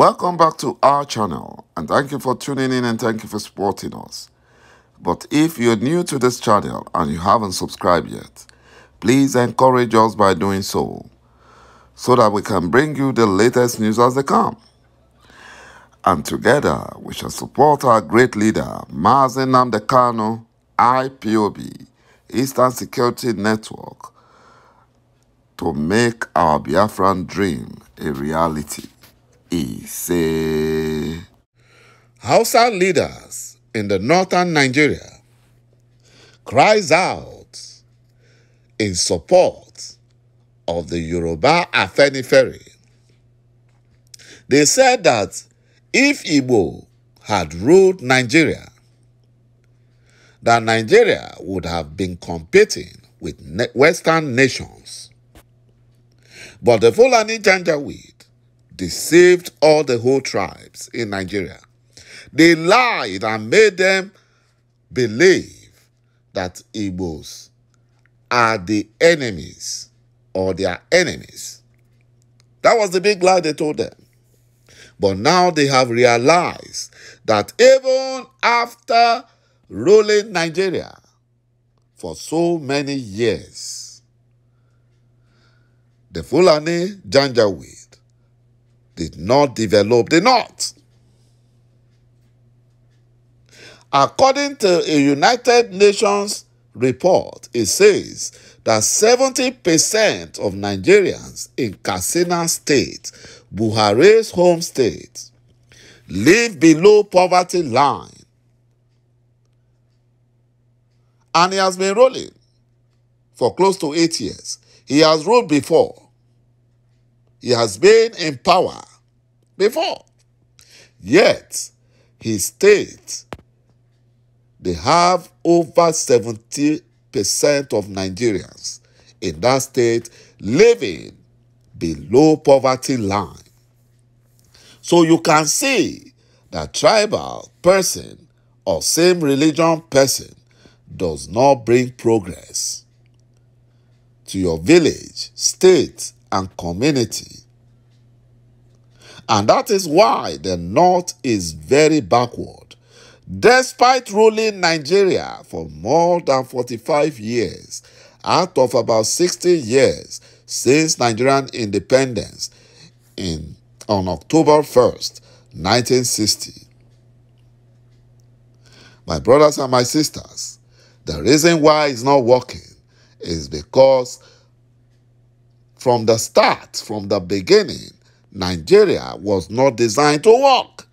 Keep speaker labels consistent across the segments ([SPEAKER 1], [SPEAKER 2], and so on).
[SPEAKER 1] Welcome back to our channel and thank you for tuning in and thank you for supporting us. But if you're new to this channel and you haven't subscribed yet, please encourage us by doing so, so that we can bring you the latest news as they come. And together, we shall support our great leader, Mazen Namdekano, IPOB, Eastern Security Network, to make our Biafran dream a reality. He said, Hausa leaders in the northern Nigeria cries out in support of the Yoruba Afenifere. They said that if Igbo had ruled Nigeria, that Nigeria would have been competing with Western nations. But the Fulani Janjaweed Deceived all the whole tribes in Nigeria. They lied and made them believe that Igbos are the enemies or their enemies. That was the big lie they told them. But now they have realized that even after ruling Nigeria for so many years, the Fulani Janjaweed did not develop the North. According to a United Nations report, it says that 70% of Nigerians in Katsina State, Buhari's home state, live below poverty line. And he has been ruling for close to eight years. He has ruled before. He has been in power before. Yet, he states they have over 70% of Nigerians in that state living below poverty line. So you can see that tribal person or same religion person does not bring progress to your village, state, and community and that is why the North is very backward. Despite ruling Nigeria for more than 45 years, out of about 60 years since Nigerian independence in, on October 1st, 1960. My brothers and my sisters, the reason why it's not working is because from the start, from the beginning, Nigeria was not designed to work.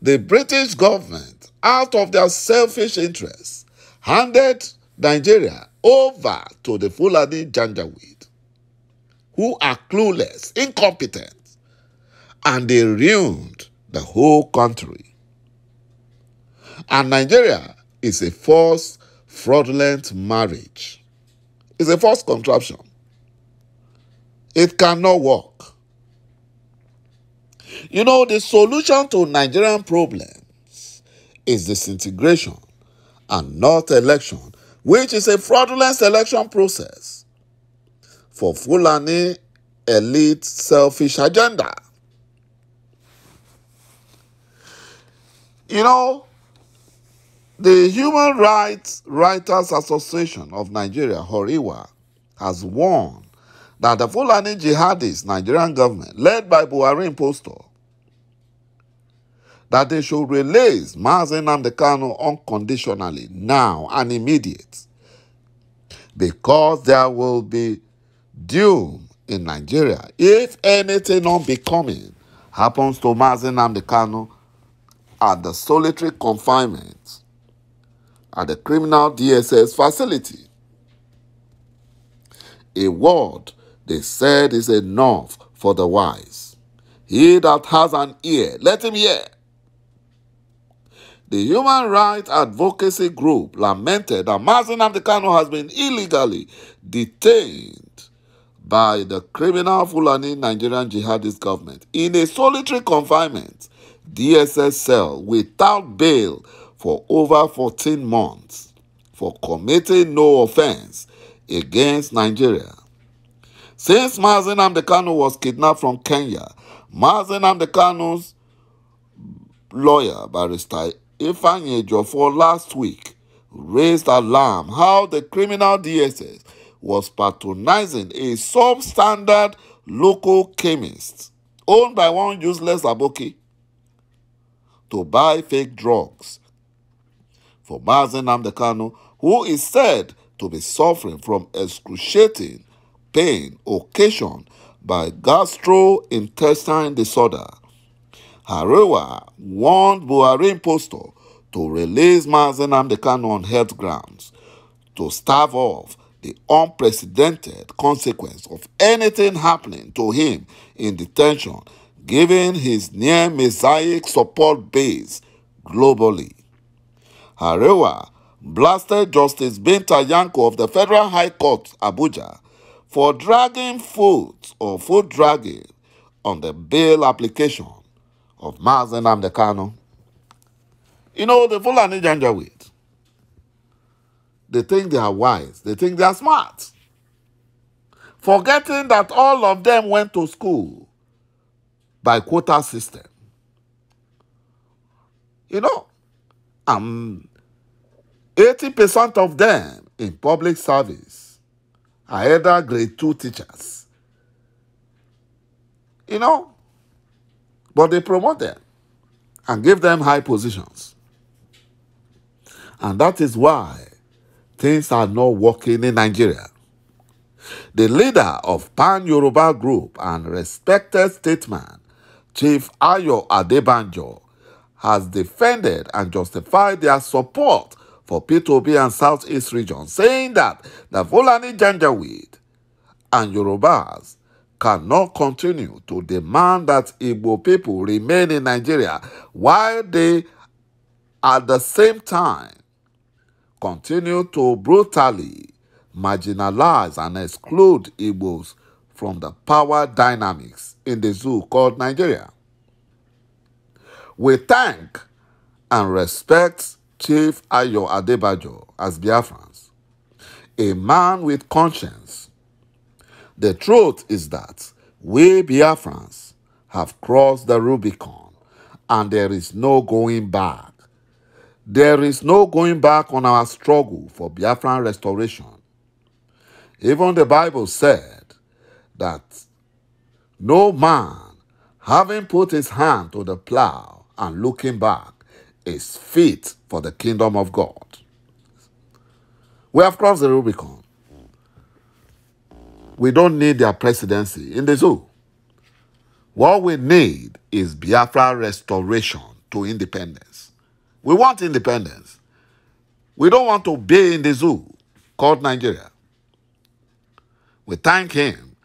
[SPEAKER 1] The British government, out of their selfish interests, handed Nigeria over to the Fulani Janjaweed, who are clueless, incompetent, and they ruined the whole country. And Nigeria is a false, fraudulent marriage. It's a false contraption. It cannot work. You know, the solution to Nigerian problems is disintegration and not election, which is a fraudulent election process for Fulani elite selfish agenda. You know, the Human Rights Writers Association of Nigeria, Horiwa, has warned that the Fulani jihadists, Nigerian government, led by Buhari Impostor, that they should release Mazen Namdekano unconditionally, now and immediate, because there will be doom in Nigeria if anything unbecoming happens to Mazen Namdekano at the solitary confinement at the criminal DSS facility. A word they said is enough for the wise. He that has an ear, let him hear. The human rights advocacy group lamented that Mazin Amdekano has been illegally detained by the criminal Fulani Nigerian jihadist government in a solitary confinement DSS cell without bail for over 14 months for committing no offense against Nigeria since Mazen Amdekano was kidnapped from Kenya, Mazen Amdekano's lawyer, barrister Ifanye for last week raised alarm how the criminal DSS was patronizing a substandard local chemist owned by one useless aboki to buy fake drugs for Mazen Amdekano, who is said to be suffering from excruciating pain occasioned by gastrointestinal disorder. Harewa warned Buhari Postal to release Mazen Amdekan on health grounds to stave off the unprecedented consequence of anything happening to him in detention, given his near messiah support base globally. Harewa blasted Justice Binta Yanko of the Federal High Court, Abuja, for dragging food or food dragging on the bail application of Mazen Amdekano. You know, the Fulani Janjaweed, they think they are wise, they think they are smart, forgetting that all of them went to school by quota system. You know, um, 80% of them in public service either grade two teachers. You know, but they promote them and give them high positions. And that is why things are not working in Nigeria. The leader of Pan Yoruba Group and respected statesman, Chief Ayo Adebanjo, has defended and justified their support for p 2 and Southeast region, saying that the Fulani Janjaweed and Yorubas cannot continue to demand that Igbo people remain in Nigeria while they at the same time continue to brutally marginalize and exclude Igbos from the power dynamics in the zoo called Nigeria. We thank and respect Chief Ayo Adebajo as Biafrans, a man with conscience. The truth is that we Biafrans have crossed the Rubicon and there is no going back. There is no going back on our struggle for Biafran restoration. Even the Bible said that no man, having put his hand to the plow and looking back, is fit for the kingdom of God. We have crossed the Rubicon. We don't need their presidency in the zoo. What we need is Biafra restoration to independence. We want independence. We don't want to be in the zoo called Nigeria. We thank him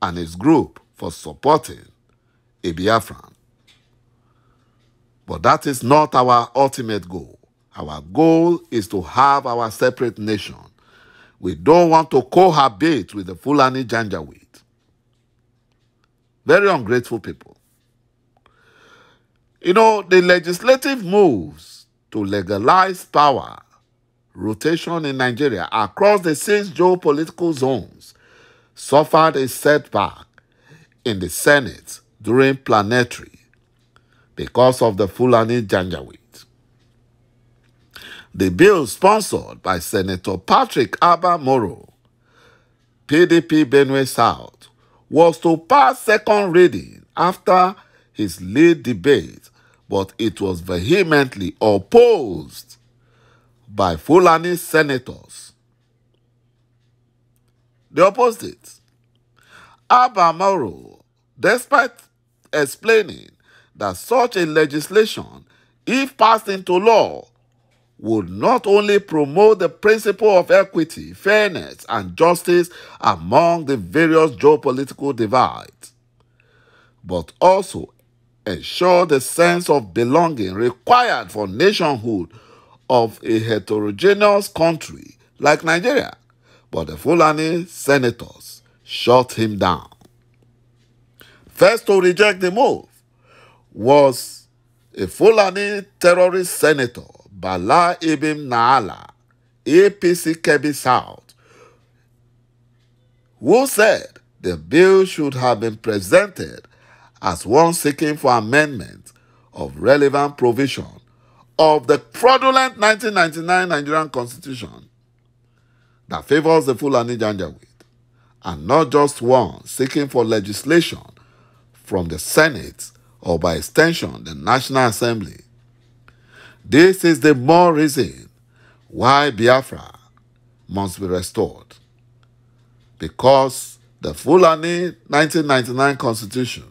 [SPEAKER 1] and his group for supporting a Biafran but that is not our ultimate goal. Our goal is to have our separate nation. We don't want to cohabit with the Fulani Janjaweed. Very ungrateful people. You know, the legislative moves to legalize power rotation in Nigeria across the six geopolitical zones suffered a setback in the Senate during planetary because of the Fulani Janjaweed. The bill sponsored by Senator Patrick Abba Moro, PDP Benue South, was to pass second reading after his lead debate, but it was vehemently opposed by Fulani senators. They opposed it. Abba Moro, despite explaining that such a legislation, if passed into law, would not only promote the principle of equity, fairness, and justice among the various geopolitical divides, but also ensure the sense of belonging required for nationhood of a heterogeneous country like Nigeria. But the Fulani senators shot him down. First to reject the move was a Fulani terrorist senator, Bala Ibn Naala, APC Kebi South, who said the bill should have been presented as one seeking for amendment of relevant provision of the fraudulent 1999 Nigerian Constitution that favors the Fulani Janjaweed, and not just one seeking for legislation from the Senate or by extension the National Assembly. This is the more reason why Biafra must be restored. Because the Fulani 1999 Constitution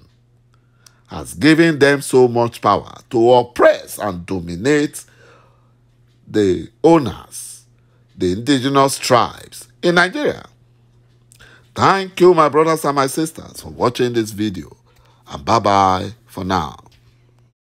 [SPEAKER 1] has given them so much power to oppress and dominate the owners, the indigenous tribes in Nigeria. Thank you, my brothers and my sisters, for watching this video. And bye-bye for now.